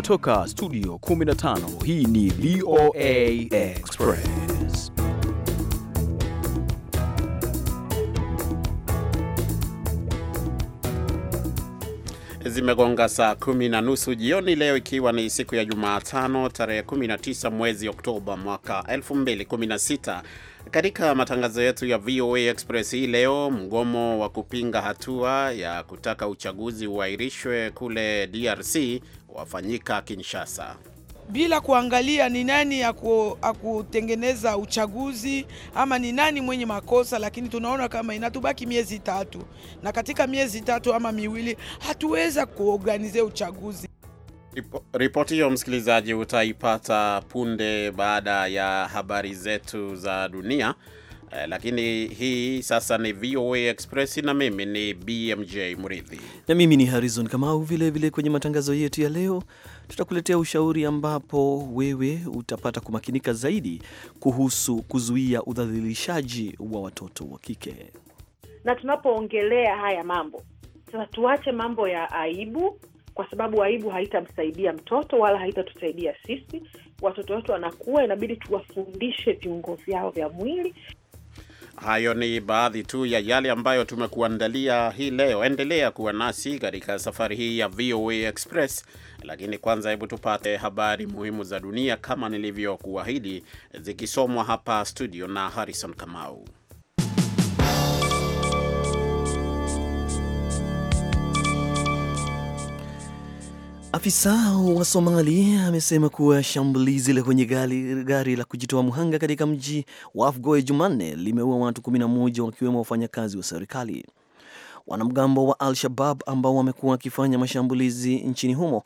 kutoka studio 15 hii ni VOA Express. Zimegonga saa kumi na nusu jioni leo, ikiwa ni siku ya Jumatano tarehe 19 mwezi Oktoba mwaka 2016. Katika matangazo yetu ya VOA Express hii leo, mgomo wa kupinga hatua ya kutaka uchaguzi uahirishwe kule DRC wafanyika Kinshasa bila kuangalia ni nani akutengeneza uchaguzi ama ni nani mwenye makosa, lakini tunaona kama inatubaki miezi tatu, na katika miezi tatu ama miwili hatuweza kuorganize uchaguzi. Ripoti hiyo msikilizaji, utaipata punde baada ya habari zetu za dunia. Eh, lakini hii sasa ni VOA Express na mimi ni BMJ mridhi na mimi ni Harrison Kamau. Vile vile kwenye matangazo yetu ya leo tutakuletea ushauri ambapo wewe utapata kumakinika zaidi kuhusu kuzuia udhalilishaji wa watoto wa kike. Na tunapoongelea haya mambo sasa, tuache mambo ya aibu, kwa sababu aibu haitamsaidia mtoto wala haitatusaidia sisi. Watoto wetu wanakuwa, inabidi tuwafundishe viungo vyao vya mwili Hayo ni baadhi tu ya yale ambayo tumekuandalia hii leo. Endelea kuwa nasi katika safari hii ya VOA Express, lakini kwanza, hebu tupate habari muhimu za dunia kama nilivyokuahidi, zikisomwa hapa studio na Harrison Kamau. Afisa wa somali amesema kuwa shambulizi la kwenye gari, gari la kujitoa mhanga katika mji wa afgoe Jumanne limeua watu 11 wakiwemo wafanyakazi wa serikali. Wanamgambo wa Al-Shabab ambao wamekuwa wakifanya mashambulizi nchini humo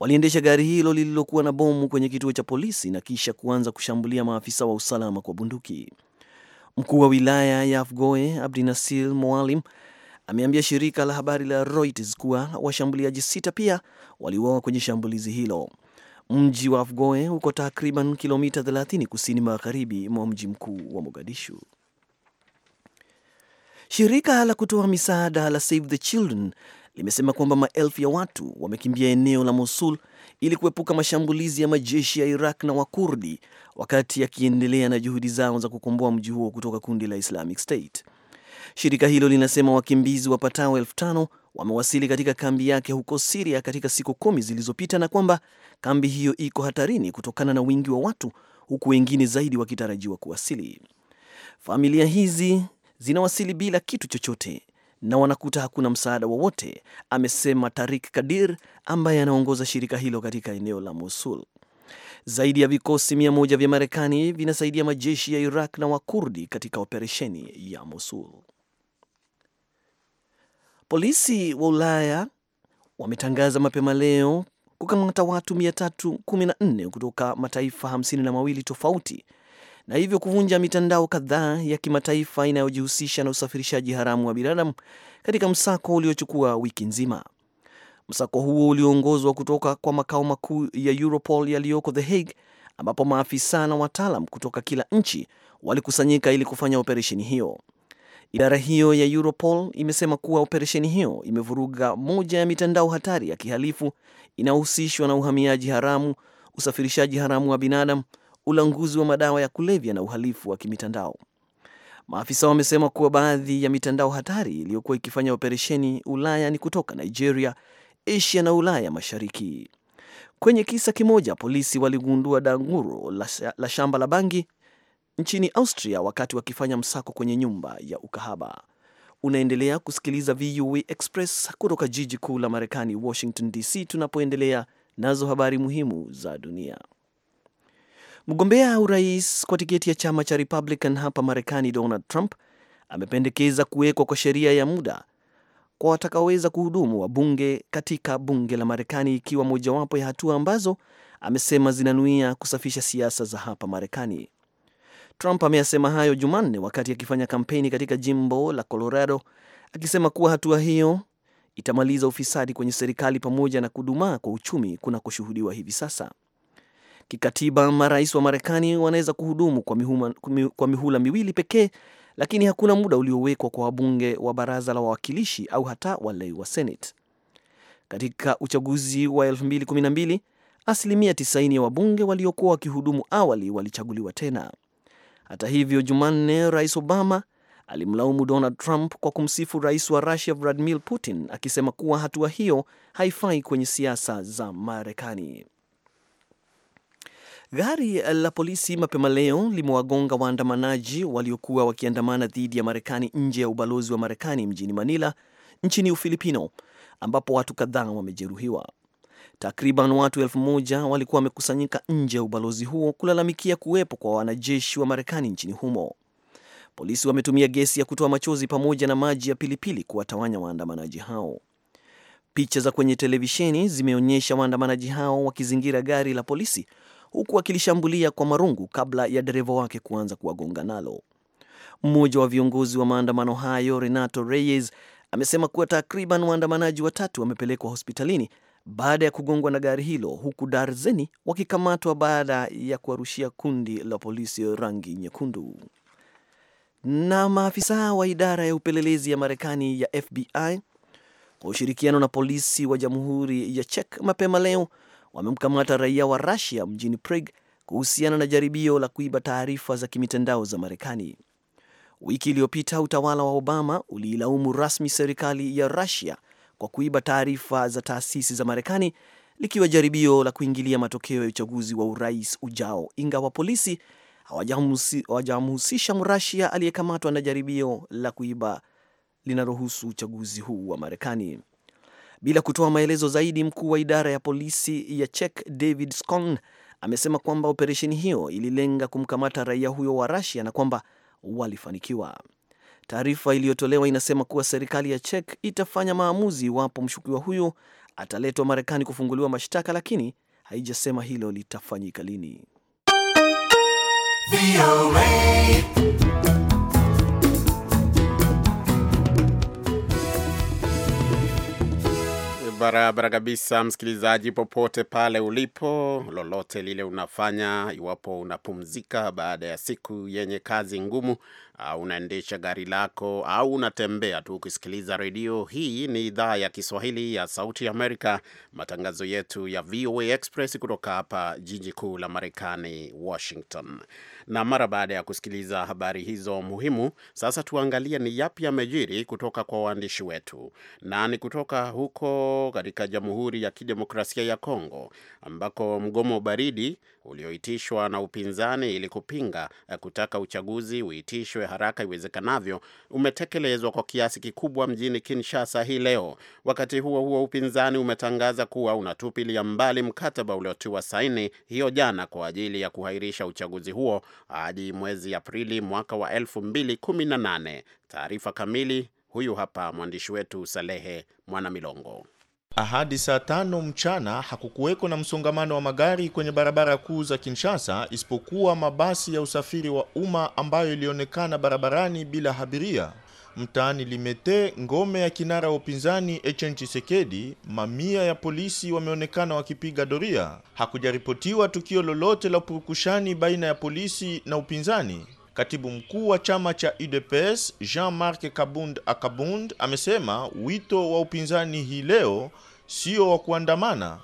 waliendesha gari hilo lililokuwa na bomu kwenye kituo cha polisi na kisha kuanza kushambulia maafisa wa usalama kwa bunduki. Mkuu wa wilaya ya Afgoe Abdinasir mwalim ameambia shirika la habari la Reuters kuwa washambuliaji sita pia waliuawa kwenye shambulizi hilo. Mji wa Afgoe uko takriban kilomita 30 kusini magharibi mwa mji mkuu wa Mogadishu. Shirika la kutoa misaada la Save the Children limesema kwamba maelfu ya watu wamekimbia eneo la Mosul ili kuepuka mashambulizi ya majeshi ya Iraq na Wakurdi wakati yakiendelea na juhudi zao za kukomboa mji huo kutoka kundi la Islamic State. Shirika hilo linasema wakimbizi wapatao elfu tano wamewasili katika kambi yake huko Siria katika siku kumi zilizopita na kwamba kambi hiyo iko hatarini kutokana na wingi wa watu, huku wengine zaidi wakitarajiwa kuwasili. Familia hizi zinawasili bila kitu chochote na wanakuta hakuna msaada wowote, amesema Tarik Kadir ambaye anaongoza shirika hilo katika eneo la Mosul. Zaidi ya vikosi mia moja vya Marekani vinasaidia majeshi ya Iraq na Wakurdi katika operesheni ya Mosul. Polisi wa Ulaya wametangaza mapema leo kukamata watu 314 kutoka mataifa hamsini na mawili tofauti na hivyo kuvunja mitandao kadhaa ya kimataifa inayojihusisha na usafirishaji haramu wa binadamu katika msako uliochukua wiki nzima. Msako huo ulioongozwa kutoka kwa makao makuu ya Europol yaliyoko The Hague, ambapo maafisa na wataalam kutoka kila nchi walikusanyika ili kufanya operesheni hiyo. Idara hiyo ya Europol imesema kuwa operesheni hiyo imevuruga moja ya mitandao hatari ya kihalifu inayohusishwa na uhamiaji haramu, usafirishaji haramu wa binadamu, ulanguzi wa madawa ya kulevya na uhalifu wa kimitandao. Maafisa wamesema kuwa baadhi ya mitandao hatari iliyokuwa ikifanya operesheni Ulaya ni kutoka Nigeria, Asia na Ulaya Mashariki. Kwenye kisa kimoja, polisi waligundua danguro la shamba la bangi nchini Austria wakati wakifanya msako kwenye nyumba ya ukahaba. Unaendelea kusikiliza VOA e Express kutoka jiji kuu la Marekani, Washington DC, tunapoendelea nazo habari muhimu za dunia. Mgombea urais kwa tiketi ya chama cha Republican hapa Marekani, Donald Trump amependekeza kuwekwa kwa sheria ya muda kwa watakaoweza kuhudumu wa bunge katika bunge la Marekani, ikiwa mojawapo ya hatua ambazo amesema zinanuia kusafisha siasa za hapa Marekani. Trump ameyasema hayo Jumanne wakati akifanya kampeni katika jimbo la Colorado, akisema kuwa hatua hiyo itamaliza ufisadi kwenye serikali pamoja na kudumaa kwa uchumi kunakoshuhudiwa hivi sasa. Kikatiba, marais wa Marekani wanaweza kuhudumu kwa, mihuma, kwa mihula miwili pekee, lakini hakuna muda uliowekwa kwa wabunge wa baraza la wawakilishi au hata wale wa Senate. Katika uchaguzi wa 2012 asilimia 90 ya wabunge waliokuwa wakihudumu awali walichaguliwa tena. Hata hivyo, Jumanne, Rais Obama alimlaumu Donald Trump kwa kumsifu rais wa Rusia Vladimir Putin, akisema kuwa hatua hiyo haifai kwenye siasa za Marekani. Gari la polisi mapema leo limewagonga waandamanaji waliokuwa wakiandamana dhidi ya Marekani nje ya ubalozi wa Marekani mjini Manila nchini Ufilipino, ambapo watu kadhaa wamejeruhiwa. Takriban watu elfu moja walikuwa wamekusanyika nje ya ubalozi huo kulalamikia kuwepo kwa wanajeshi wa Marekani nchini humo. Polisi wametumia gesi ya kutoa machozi pamoja na maji ya pilipili kuwatawanya waandamanaji hao. Picha za kwenye televisheni zimeonyesha waandamanaji hao wakizingira gari la polisi huku wakilishambulia kwa marungu kabla ya dereva wake kuanza kuwagonga nalo. Mmoja wa viongozi wa maandamano hayo Renato Reyes amesema kuwa takriban waandamanaji watatu wamepelekwa hospitalini baada ya kugongwa na gari hilo, huku darzeni wakikamatwa baada ya kuwarushia kundi la polisi rangi nyekundu. Na maafisa wa idara ya upelelezi ya Marekani ya FBI kwa ushirikiano na polisi wa Jamhuri ya Czech mapema leo wamemkamata raia wa Russia mjini Prague kuhusiana na jaribio la kuiba taarifa za kimitandao za Marekani. Wiki iliyopita utawala wa Obama uliilaumu rasmi serikali ya Russia kwa kuiba taarifa za taasisi za Marekani, likiwa jaribio la kuingilia matokeo ya uchaguzi wa urais ujao, ingawa polisi hawajamhusisha Mrasia aliyekamatwa na jaribio la kuiba linalohusu uchaguzi huu wa Marekani. Bila kutoa maelezo zaidi, mkuu wa idara ya polisi ya Czech David Scon amesema kwamba operesheni hiyo ililenga kumkamata raia huyo wa Rasia na kwamba walifanikiwa. Taarifa iliyotolewa inasema kuwa serikali ya Czech itafanya maamuzi iwapo mshukiwa huyo ataletwa Marekani kufunguliwa mashtaka, lakini haijasema hilo litafanyika lini. Barabara kabisa, msikilizaji, popote pale ulipo, lolote lile unafanya, iwapo unapumzika baada ya siku yenye kazi ngumu au unaendesha gari lako au unatembea tu ukisikiliza redio. Hii ni idhaa ya Kiswahili ya Sauti Amerika, matangazo yetu ya VOA Express kutoka hapa jiji kuu la Marekani, Washington. Na mara baada ya kusikiliza habari hizo muhimu, sasa tuangalie ni yapi yamejiri kutoka kwa waandishi wetu, na ni kutoka huko katika Jamhuri ya Kidemokrasia ya Kongo ambako mgomo baridi ulioitishwa na upinzani ili kupinga eh, kutaka uchaguzi uitishwe haraka iwezekanavyo umetekelezwa kwa kiasi kikubwa mjini Kinshasa hii leo. Wakati huo huo, upinzani umetangaza kuwa unatupilia mbali mkataba uliotiwa saini hiyo jana kwa ajili ya kuhairisha uchaguzi huo hadi mwezi Aprili mwaka wa 2018. Taarifa kamili huyu hapa mwandishi wetu Salehe Mwanamilongo ahadi saa tano mchana hakukuweko na msongamano wa magari kwenye barabara kuu za Kinshasa isipokuwa mabasi ya usafiri wa umma ambayo ilionekana barabarani bila abiria. Mtaani Limete, ngome ya kinara wa upinzani Etienne Tshisekedi, mamia ya polisi wameonekana wakipiga doria. Hakujaripotiwa tukio lolote la upurukushani baina ya polisi na upinzani. Katibu mkuu wa chama cha UDPS Jean-Marc Kabund Akabund amesema wito wa upinzani hii leo sio wa kuandamana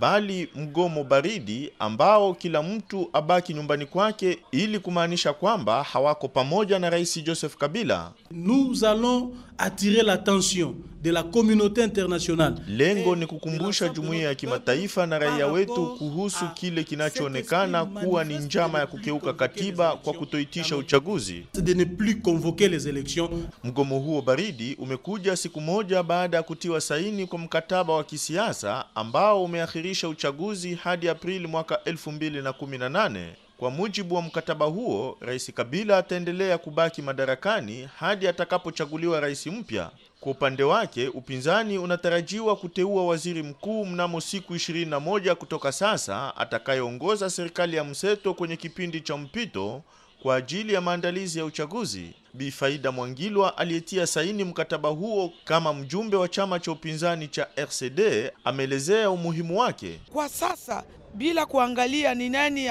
bali mgomo baridi ambao kila mtu abaki nyumbani kwake ili kumaanisha kwamba hawako pamoja na Rais Joseph Kabila. Nous allons attirer l'attention de la communauté internationale. Lengo ni kukumbusha jumuiya ya kimataifa na raia wetu kuhusu kile kinachoonekana kuwa ni njama ya kukeuka katiba kwa kutoitisha uchaguzi. De ne plus convoquer les elections. Mgomo huo baridi umekuja siku moja baada ya kutiwa saini kwa mkataba wa kisiasa ambao umeakhirisha uchaguzi hadi Aprili mwaka 2018. Kwa mujibu wa mkataba huo, Rais Kabila ataendelea kubaki madarakani hadi atakapochaguliwa rais mpya. Kwa upande wake, upinzani unatarajiwa kuteua waziri mkuu mnamo siku 21 kutoka sasa atakayeongoza serikali ya mseto kwenye kipindi cha mpito kwa ajili ya maandalizi ya uchaguzi. Bi Faida Mwangilwa aliyetia saini mkataba huo kama mjumbe wa chama cha upinzani cha RCD ameelezea umuhimu wake. Kwa sasa bila kuangalia ni nani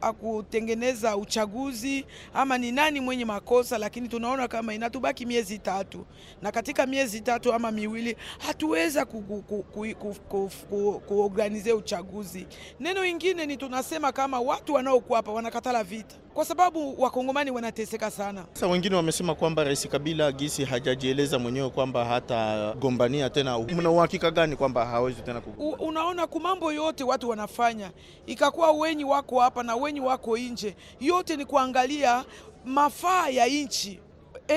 akutengeneza uchaguzi ama ni nani mwenye makosa, lakini tunaona kama inatubaki miezi tatu, na katika miezi tatu ama miwili hatuweza kuorganize uchaguzi. Neno ingine ni tunasema kama watu wanaokuwa hapa wanakatala vita kwa sababu wakongomani wanateseka sana. Sasa wengine wamesema kwamba Rais Kabila gisi hajajieleza mwenyewe kwamba hatagombania tena. Mna uhakika gani kwamba hawezi tena kugombania? Unaona, kumambo yote watu wanafanya ikakuwa wenyi wako hapa na wenyi wako nje, yote ni kuangalia mafaa ya nchi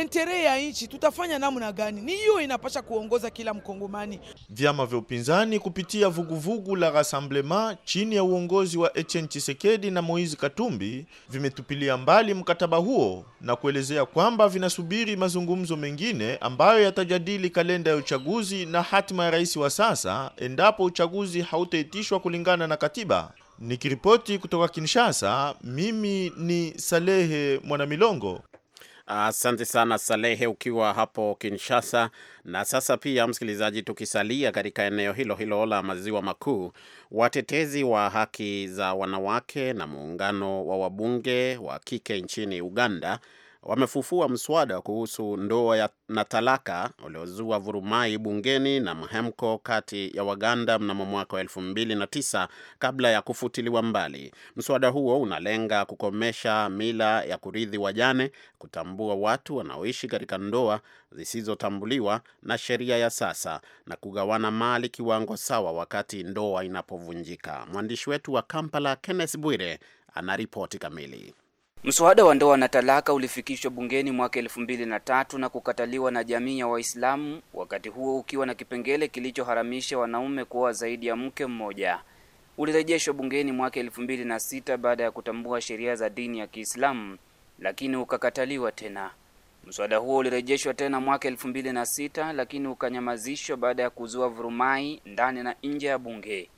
entere ya nchi tutafanya namna gani? Ni hiyo inapasha kuongoza kila Mkongomani. Vyama vya upinzani kupitia vuguvugu la Rassemblement chini ya uongozi wa Etienne Tshisekedi na Moise Katumbi vimetupilia mbali mkataba huo na kuelezea kwamba vinasubiri mazungumzo mengine ambayo yatajadili kalenda ya uchaguzi na hatima ya rais wa sasa endapo uchaguzi hautaitishwa kulingana na katiba. Nikiripoti kutoka Kinshasa, mimi ni Salehe Mwanamilongo. Asante sana Salehe, ukiwa hapo Kinshasa. Na sasa pia, msikilizaji, tukisalia katika eneo hilo hilo la maziwa makuu, watetezi wa haki za wanawake na muungano wa wabunge wa kike nchini Uganda wamefufua mswada kuhusu ndoa na talaka uliozua vurumai bungeni na mhemko kati ya Waganda mnamo mwaka wa 2009 kabla ya kufutiliwa mbali. Mswada huo unalenga kukomesha mila ya kurithi wajane, kutambua watu wanaoishi katika ndoa zisizotambuliwa na sheria ya sasa na kugawana mali kiwango sawa wakati ndoa inapovunjika. Mwandishi wetu wa Kampala Kenneth Bwire anaripoti kamili. Mswada wa ndoa na talaka ulifikishwa bungeni mwaka elfu mbili na tatu na kukataliwa na jamii ya Waislamu, wakati huo ukiwa na kipengele kilichoharamisha wanaume kuoa zaidi ya mke mmoja. Ulirejeshwa bungeni mwaka elfu mbili na sita baada ya kutambua sheria za dini ya Kiislamu, lakini ukakataliwa tena. Mswada huo ulirejeshwa tena mwaka elfu mbili na sita lakini ukanyamazishwa baada ya kuzua vurumai ndani na nje ya bunge.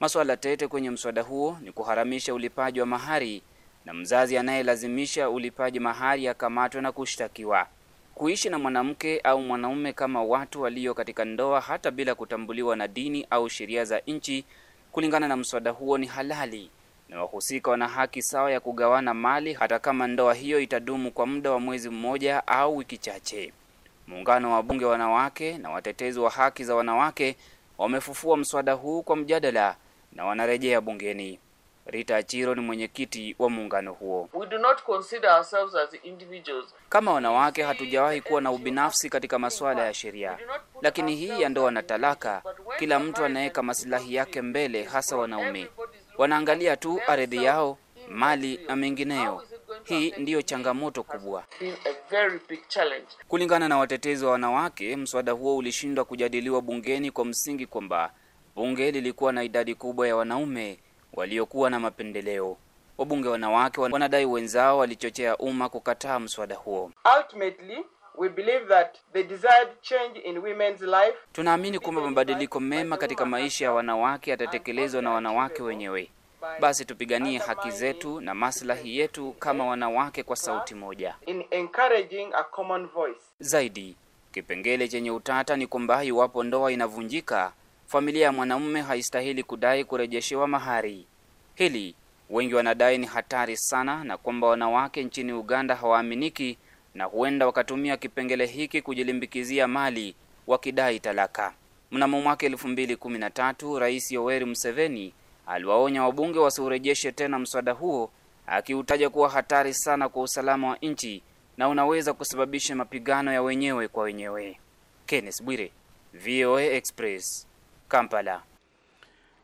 Maswala tete kwenye mswada huo ni kuharamisha ulipaji wa mahari na mzazi anayelazimisha ulipaji mahari akamatwe na kushtakiwa. Kuishi na mwanamke au mwanaume kama watu walio katika ndoa hata bila kutambuliwa na dini au sheria za nchi kulingana na mswada huo ni halali na wahusika wana haki sawa ya kugawana mali hata kama ndoa hiyo itadumu kwa muda wa mwezi mmoja au wiki chache. Muungano wa bunge wanawake na watetezi wa haki za wanawake wamefufua mswada huu kwa mjadala na wanarejea bungeni. Rita Achiro ni mwenyekiti wa muungano huo. We do not consider ourselves as individuals. Kama wanawake hatujawahi kuwa na ubinafsi katika masuala ya sheria, lakini hii ya ndoa na talaka, kila mtu anaweka masilahi yake mbele, hasa wanaume wanaangalia tu ardhi yao, mali na mengineyo. Hii ndiyo changamoto kubwa. Kulingana na watetezi wa wanawake, mswada huo ulishindwa kujadiliwa bungeni kwa msingi kwamba bunge lilikuwa na idadi kubwa ya wanaume waliokuwa na mapendeleo. Wabunge wanawake wanadai wenzao walichochea umma kukataa mswada huo. Ultimately, we believe that the desired change in women's life, tunaamini kwamba mabadiliko mema katika maisha ya wanawake yatatekelezwa na wanawake wenyewe. Basi tupiganie haki zetu na maslahi yetu kama wanawake kwa sauti moja. In encouraging a common voice. Zaidi, kipengele chenye utata ni kwamba iwapo ndoa inavunjika familia ya mwanamume haistahili kudai kurejeshewa mahari. Hili wengi wanadai ni hatari sana, na kwamba wanawake nchini Uganda hawaaminiki na huenda wakatumia kipengele hiki kujilimbikizia mali wakidai talaka. Mnamo mwaka 2013 Rais Yoweri Museveni aliwaonya wabunge wasiurejeshe tena mswada huo, akiutaja kuwa hatari sana kwa usalama wa nchi na unaweza kusababisha mapigano ya wenyewe kwa wenyewe. Kenneth Bwire, VOA Express. Kampala.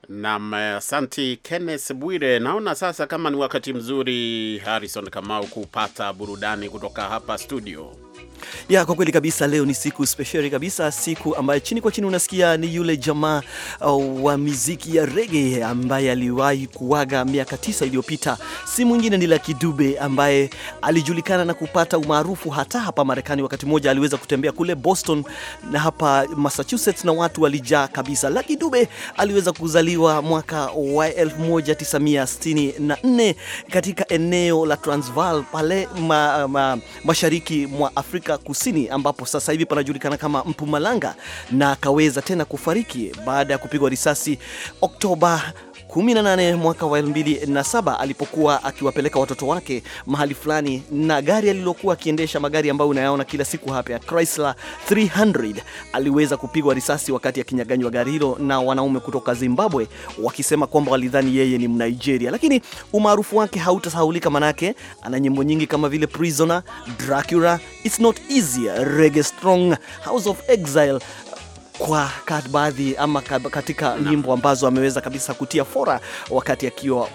nam asanti Kenneth Bwire. Naona sasa kama ni wakati mzuri, Harrison Kamau, kupata burudani kutoka hapa studio ya kwa kweli kabisa, leo ni siku speciali kabisa, siku ambayo chini kwa chini unasikia ni yule jamaa uh, wa miziki ya rege ambaye aliwahi kuaga miaka tisa iliyopita. Si mwingine ni Lucky Dube ambaye alijulikana na kupata umaarufu hata hapa Marekani. Wakati mmoja aliweza kutembea kule Boston na hapa Massachusetts na watu walijaa kabisa. Lucky Dube aliweza kuzaliwa mwaka wa 1964 katika eneo la Transvaal pale ma, ma, mashariki mwa Afrika Afrika Kusini ambapo sasa hivi panajulikana kama Mpumalanga na akaweza tena kufariki baada ya kupigwa risasi Oktoba 18 mwaka wa 2007 alipokuwa akiwapeleka watoto wake mahali fulani na gari alilokuwa akiendesha, magari ambayo unayaona kila siku hapa ya Chrysler 300, aliweza kupigwa risasi wakati akinyaganywa gari hilo na wanaume kutoka Zimbabwe, wakisema kwamba walidhani yeye ni Mnigeria. Lakini umaarufu wake hautasahaulika, manake ana nyimbo nyingi kama vile Prisoner, Dracula, It's Not Easy, Reggae Strong, House of Exile kwa baadhi ama katika nyimbo ambazo ameweza kabisa kutia fora wakati akiwa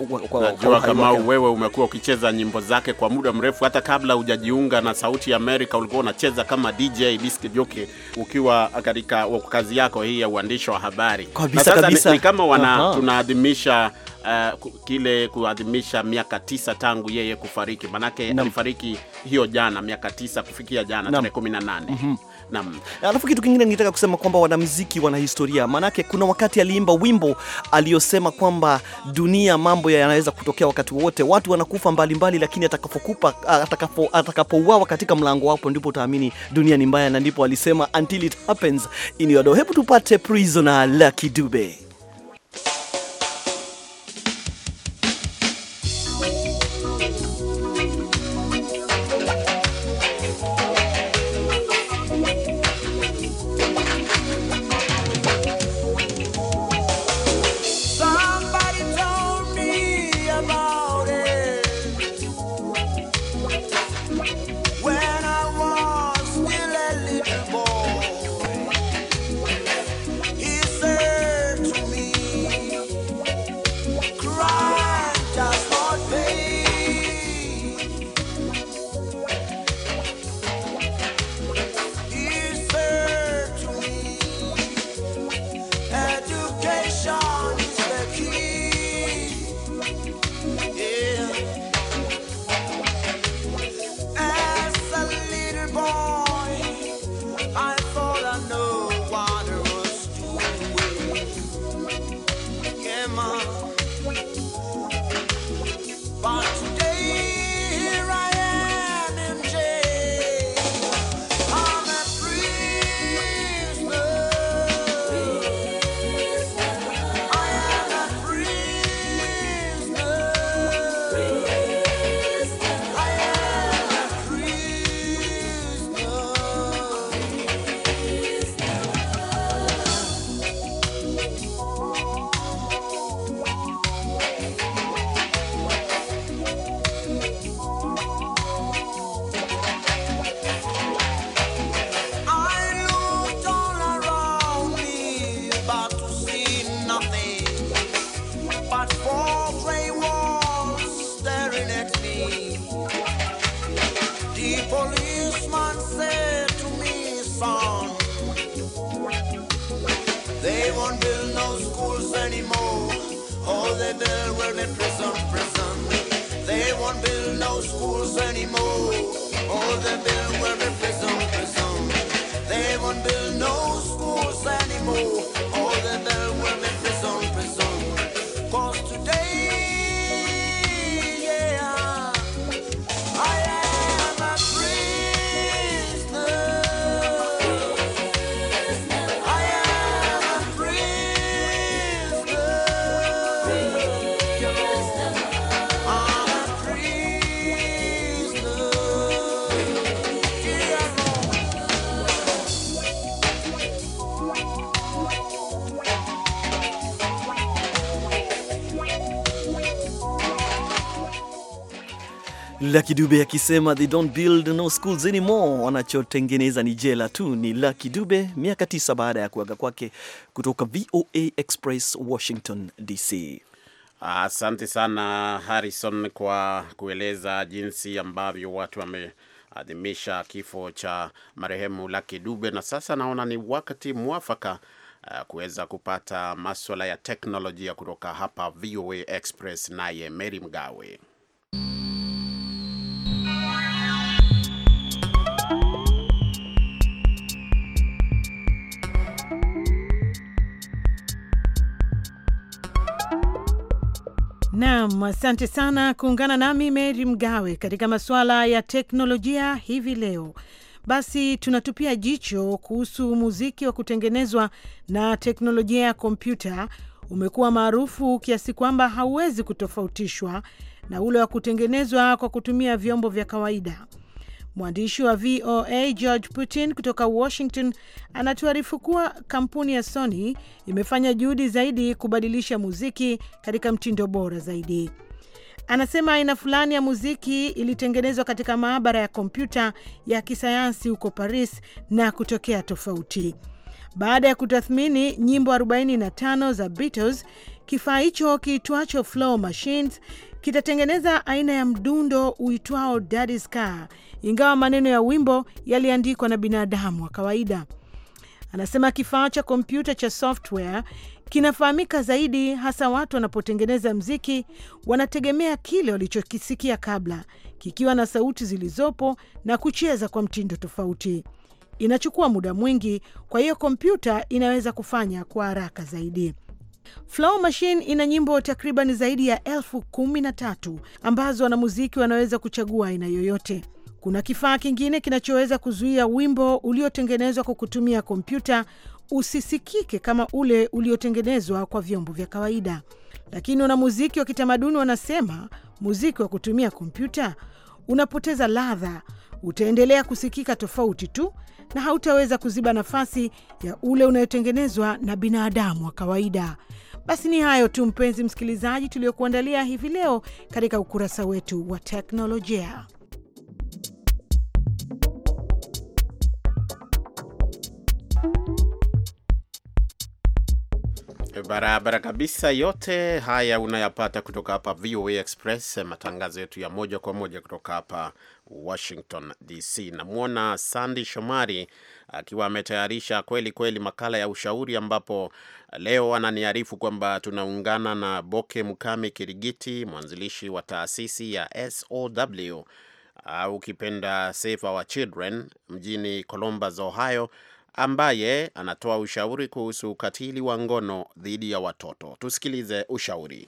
kama wewe umekuwa ukicheza nyimbo zake kwa muda mrefu, hata kabla hujajiunga na Sauti ya Amerika ulikuwa unacheza kama DJ disc jockey ukiwa katika kazi yako hii ya uandishi wa habari kabisa, na sasa kabisa. Ni, ni kama wana tunaadhimisha Uh, kile kuadhimisha miaka tisa tangu yeye kufariki, manake alifariki hiyo jana, miaka tisa kufikia jana tarehe 18. Naam. Alafu kitu kingine ningetaka kusema kwamba wanamuziki wana historia, maanake kuna wakati aliimba wimbo aliyosema kwamba dunia mambo yanaweza kutokea wakati wote. watu wanakufa mbalimbali, lakini atakapokupa atakapo atakapouawa katika mlango wapo ndipo utaamini dunia ni mbaya, na ndipo alisema until it happens in your door. Hebu tupate Prisoner la Kidube. the world in prison, prison. They won't build no schools anymore. All oh, they build will be prison. Lucky Dube akisema they don't build no schools anymore, wanachotengeneza ni jela tu. Ni Lucky Dube miaka tisa baada ya kuaga kwake. Kutoka VOA Express, Washington DC. Asante sana Harrison kwa kueleza jinsi ambavyo watu wameadhimisha kifo cha marehemu Lucky Dube, na sasa naona ni wakati mwafaka uh, kuweza kupata maswala ya teknolojia kutoka hapa VOA Express, naye Mary Mgawe. Naam, asante sana kuungana nami Mary Mgawe katika masuala ya teknolojia hivi leo. Basi tunatupia jicho kuhusu muziki wa kutengenezwa na teknolojia ya kompyuta. Umekuwa maarufu kiasi kwamba hauwezi kutofautishwa na ule wa kutengenezwa kwa kutumia vyombo vya kawaida. Mwandishi wa VOA George Putin kutoka Washington anatuarifu kuwa kampuni ya Sony imefanya juhudi zaidi kubadilisha muziki katika mtindo bora zaidi. Anasema aina fulani ya muziki ilitengenezwa katika maabara ya kompyuta ya kisayansi huko Paris na kutokea tofauti. Baada ya kutathmini nyimbo 45 za Beatles, kifaa hicho kiitwacho Flow Machines kitatengeneza aina ya mdundo uitwao Daddy Car, ingawa maneno ya wimbo yaliandikwa na binadamu wa kawaida. Anasema kifaa cha kompyuta cha software kinafahamika zaidi, hasa watu wanapotengeneza mziki wanategemea kile walichokisikia kabla, kikiwa na sauti zilizopo na kucheza kwa mtindo tofauti. Inachukua muda mwingi, kwa hiyo kompyuta inaweza kufanya kwa haraka zaidi. Flow Machine ina nyimbo takriban zaidi ya elfu kumi na tatu ambazo wanamuziki wanaweza kuchagua aina yoyote. Kuna kifaa kingine kinachoweza kuzuia wimbo uliotengenezwa kwa kutumia kompyuta usisikike kama ule uliotengenezwa kwa vyombo vya kawaida, lakini wanamuziki wa kitamaduni wanasema muziki wa kutumia kompyuta unapoteza ladha, utaendelea kusikika tofauti tu na hautaweza kuziba nafasi ya ule unayotengenezwa na binadamu wa kawaida. Basi ni hayo tu, mpenzi msikilizaji, tuliyokuandalia hivi leo katika ukurasa wetu wa teknolojia. Barabara kabisa. Yote haya unayapata kutoka hapa VOA Express, matangazo yetu ya moja kwa moja kutoka hapa Washington DC. Namwona Sandi Shomari akiwa ametayarisha kweli kweli makala ya ushauri, ambapo leo ananiarifu kwamba tunaungana na Boke Mkame Kirigiti, mwanzilishi wa taasisi ya SOW au ukipenda Save Our Children mjini Columbus, Ohio ambaye anatoa ushauri kuhusu ukatili wa ngono dhidi ya watoto. Tusikilize ushauri.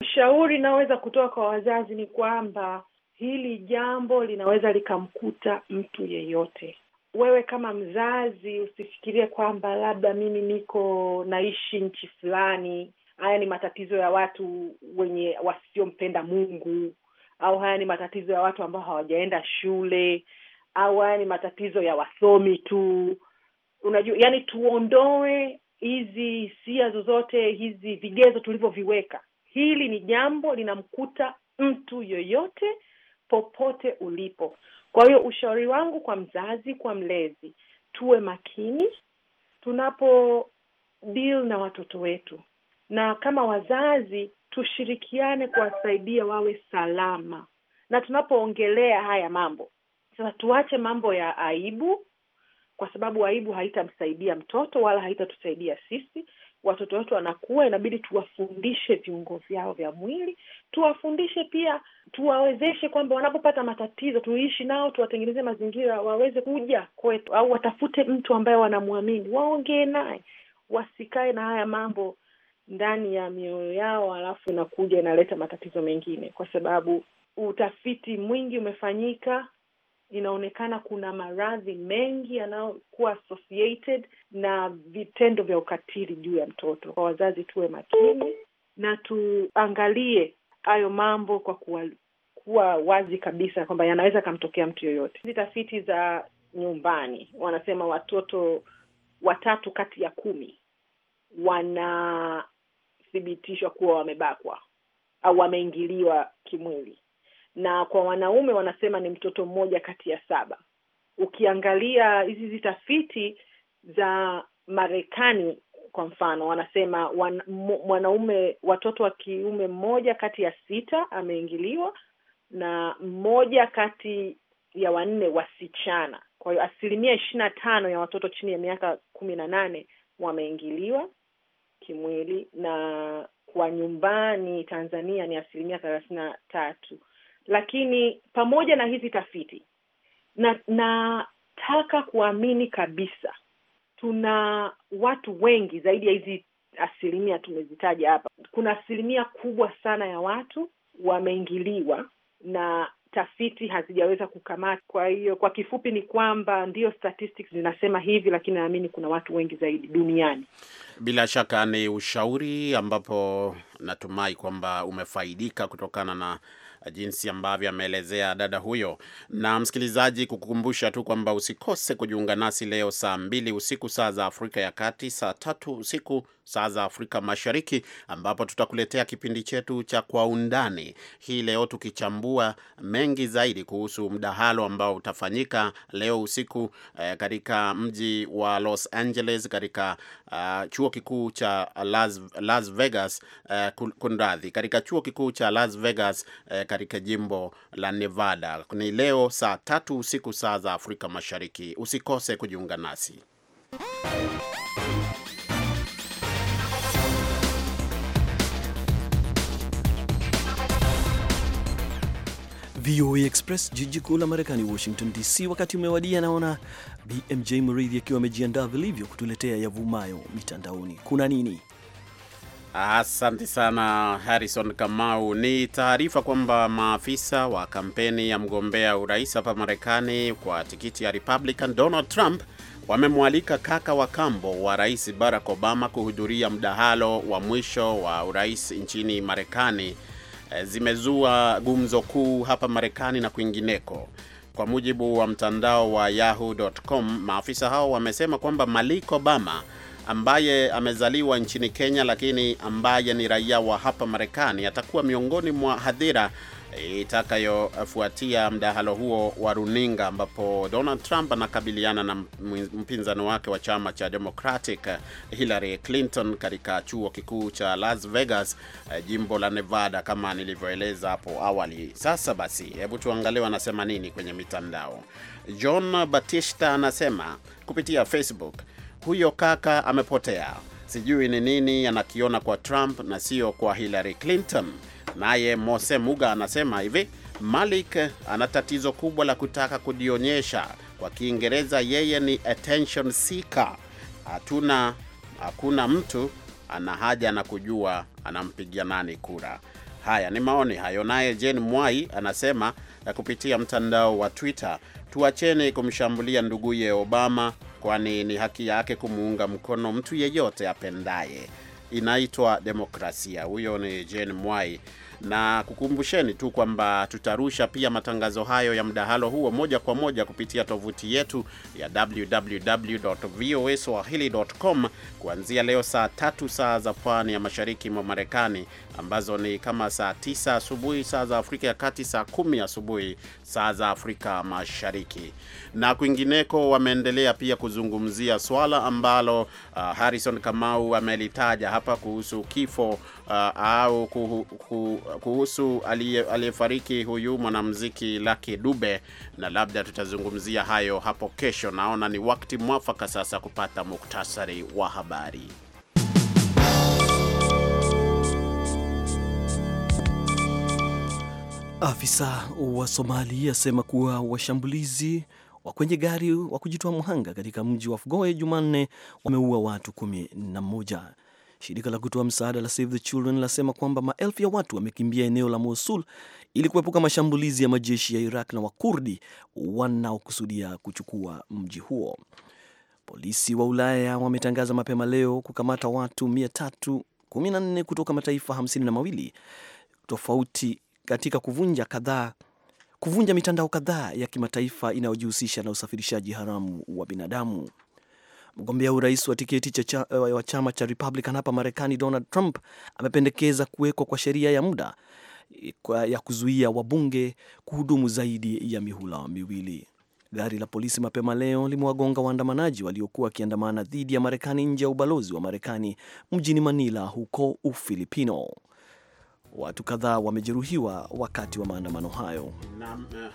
Ushauri inaoweza kutoa kwa wazazi ni kwamba hili jambo linaweza likamkuta mtu yeyote. Wewe kama mzazi usifikirie kwamba labda mimi niko naishi nchi fulani, haya ni matatizo ya watu wenye wasiompenda Mungu, au haya ni matatizo ya watu ambao hawajaenda shule, au haya ni matatizo ya wasomi tu unajua, yani tuondoe hizi hisia zozote, hizi vigezo tulivyoviweka. Hili ni jambo linamkuta mtu yoyote popote ulipo. Kwa hiyo ushauri wangu kwa mzazi, kwa mlezi, tuwe makini tunapo deal na watoto wetu, na kama wazazi tushirikiane kuwasaidia wawe salama, na tunapoongelea haya mambo sasa, tuache mambo ya aibu kwa sababu aibu haitamsaidia mtoto wala haitatusaidia sisi. Watoto wetu wanakuwa, inabidi tuwafundishe viungo vyao vya mwili, tuwafundishe pia, tuwawezeshe kwamba wanapopata matatizo tuishi nao, tuwatengenezee mazingira waweze kuja kwetu, au watafute mtu ambaye wanamwamini, waongee naye, wasikae na haya mambo ndani ya mioyo yao, alafu inakuja inaleta matatizo mengine, kwa sababu utafiti mwingi umefanyika inaonekana kuna maradhi mengi yanayokuwa associated na vitendo vya ukatili juu ya mtoto. Kwa wazazi, tuwe makini na tuangalie hayo mambo kwa kuwa, kuwa wazi kabisa kwamba yanaweza akamtokea mtu yoyote. Hizi tafiti za nyumbani wanasema watoto watatu kati ya kumi wanathibitishwa kuwa wamebakwa au wameingiliwa kimwili na kwa wanaume wanasema ni mtoto mmoja kati ya saba. Ukiangalia hizi tafiti za Marekani kwa mfano, wanasema wan, mwanaume watoto wa kiume mmoja kati ya sita ameingiliwa na mmoja kati ya wanne wasichana. Kwa hiyo asilimia ishirini na tano ya watoto chini ya miaka kumi na nane wameingiliwa kimwili, na kwa nyumbani Tanzania ni asilimia thelathini na tatu lakini pamoja na hizi tafiti na nataka kuamini kabisa tuna watu wengi zaidi ya hizi asilimia tumezitaja hapa. Kuna asilimia kubwa sana ya watu wameingiliwa na tafiti hazijaweza kukamata. Kwa hiyo kwa kifupi ni kwamba ndiyo statistics zinasema hivi, lakini naamini kuna watu wengi zaidi duniani. Bila shaka ni ushauri ambapo natumai kwamba umefaidika kutokana na jinsi ambavyo ameelezea dada huyo. Na msikilizaji, kukukumbusha tu kwamba usikose kujiunga nasi leo saa mbili usiku saa za Afrika ya Kati, saa tatu usiku saa za Afrika Mashariki, ambapo tutakuletea kipindi chetu cha Kwa Undani hii leo, tukichambua mengi zaidi kuhusu mdahalo ambao utafanyika leo usiku eh, katika mji wa Los Angeles katika uh, chuo kikuu cha Las, Las Vegas eh, kundradhi, katika chuo kikuu cha Las Vegas eh, katika jimbo la Nevada ni leo saa tatu usiku saa za Afrika Mashariki. Usikose kujiunga nasi. VOA Express, jiji kuu la Marekani, Washington DC. Wakati umewadia, naona BMJ Mridhi akiwa amejiandaa vilivyo kutuletea yavumayo mitandaoni. Kuna nini? Asante sana Harrison Kamau. Ni taarifa kwamba maafisa wa kampeni ya mgombea urais hapa Marekani kwa tikiti ya Republican Donald Trump wamemwalika kaka wa kambo wa Rais Barack Obama kuhudhuria mdahalo wa mwisho wa urais nchini Marekani eh, zimezua gumzo kuu hapa Marekani na kwingineko. Kwa mujibu wa mtandao wa yahoo.com, maafisa hao wamesema kwamba Malik Obama ambaye amezaliwa nchini Kenya lakini ambaye ni raia wa hapa Marekani atakuwa miongoni mwa hadhira itakayofuatia mdahalo huo wa runinga ambapo Donald Trump anakabiliana na mpinzani wake wa chama cha Democratic Hillary Clinton katika chuo kikuu cha Las Vegas, eh, jimbo la Nevada, kama nilivyoeleza hapo awali. Sasa basi, hebu tuangalie wanasema nini kwenye mitandao. John Batista anasema kupitia Facebook, huyo kaka amepotea, sijui ni nini anakiona kwa Trump na sio kwa Hillary Clinton. Naye Mose Muga anasema hivi, Malik ana tatizo kubwa la kutaka kujionyesha. Kwa Kiingereza yeye ni attention seeker. Hatuna, hakuna mtu ana haja na kujua anampigia nani kura. Haya ni maoni hayo. Naye Jane Mwai anasema kupitia mtandao wa Twitter, tuacheni kumshambulia nduguye Obama kwani ni haki yake kumuunga mkono mtu yeyote apendaye. Inaitwa demokrasia. Huyo ni Jane Mwai na kukumbusheni tu kwamba tutarusha pia matangazo hayo ya mdahalo huo moja kwa moja kupitia tovuti yetu ya www.voaswahili.com kuanzia leo saa tatu saa za pwani ya mashariki mwa Marekani, ambazo ni kama saa tisa asubuhi saa za Afrika ya Kati, saa kumi asubuhi saa za Afrika Mashariki na kwingineko. Wameendelea pia kuzungumzia swala ambalo uh, Harrison Kamau amelitaja hapa kuhusu kifo Uh, au kuhusu aliyefariki huyu mwanamziki Lucky Dube, na labda tutazungumzia hayo hapo kesho. Naona ni wakati mwafaka sasa kupata muktasari wa habari. Afisa wa somali asema kuwa washambulizi wa kwenye gari wa kujitoa mhanga katika mji wa fugoe Jumanne wameua watu kumi na moja. Shirika la kutoa msaada la Save the Children linasema kwamba maelfu ya watu wamekimbia eneo la Mosul ili kuepuka mashambulizi ya majeshi ya Iraq na Wakurdi wanaokusudia kuchukua mji huo. Polisi wa Ulaya wametangaza mapema leo kukamata watu 314 kutoka mataifa 52 tofauti katika kuvunja kadhaa kuvunja mitandao kadhaa ya kimataifa inayojihusisha na usafirishaji haramu wa binadamu. Mgombea urais wa tiketi cha cha, eh, wa chama cha Republican hapa Marekani, Donald Trump amependekeza kuwekwa kwa sheria ya muda eh, ya kuzuia wabunge kuhudumu zaidi ya mihula miwili. Gari la polisi mapema leo limewagonga waandamanaji waliokuwa wakiandamana dhidi ya Marekani nje ya ubalozi wa Marekani mjini Manila huko Ufilipino. Watu kadhaa wamejeruhiwa wakati wa maandamano hayo. Eh,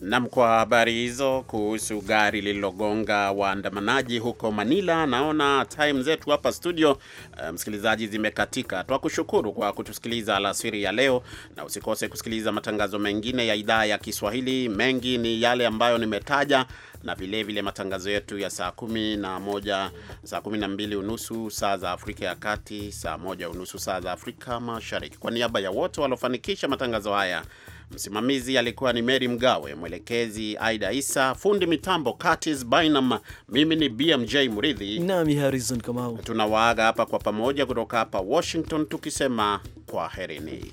Nam, kwa habari hizo kuhusu gari lililogonga waandamanaji huko Manila. Naona time zetu hapa studio, eh, msikilizaji, zimekatika. Twakushukuru kwa kutusikiliza alasiri ya leo, na usikose kusikiliza matangazo mengine ya idhaa ya Kiswahili. Mengi ni yale ambayo nimetaja na vilevile vile matangazo yetu ya saa kumi na moja, saa kumi na mbili unusu saa za Afrika ya Kati, saa moja unusu saa za Afrika Mashariki. Kwa niaba ya wote waliofanikisha matangazo haya Msimamizi alikuwa ni Mary Mgawe, mwelekezi Aida Isa, fundi mitambo Curtis Bynum. Mimi ni BMJ Mridhi nami Harrison Kamau, tunawaaga hapa kwa pamoja kutoka hapa Washington tukisema kwaherini.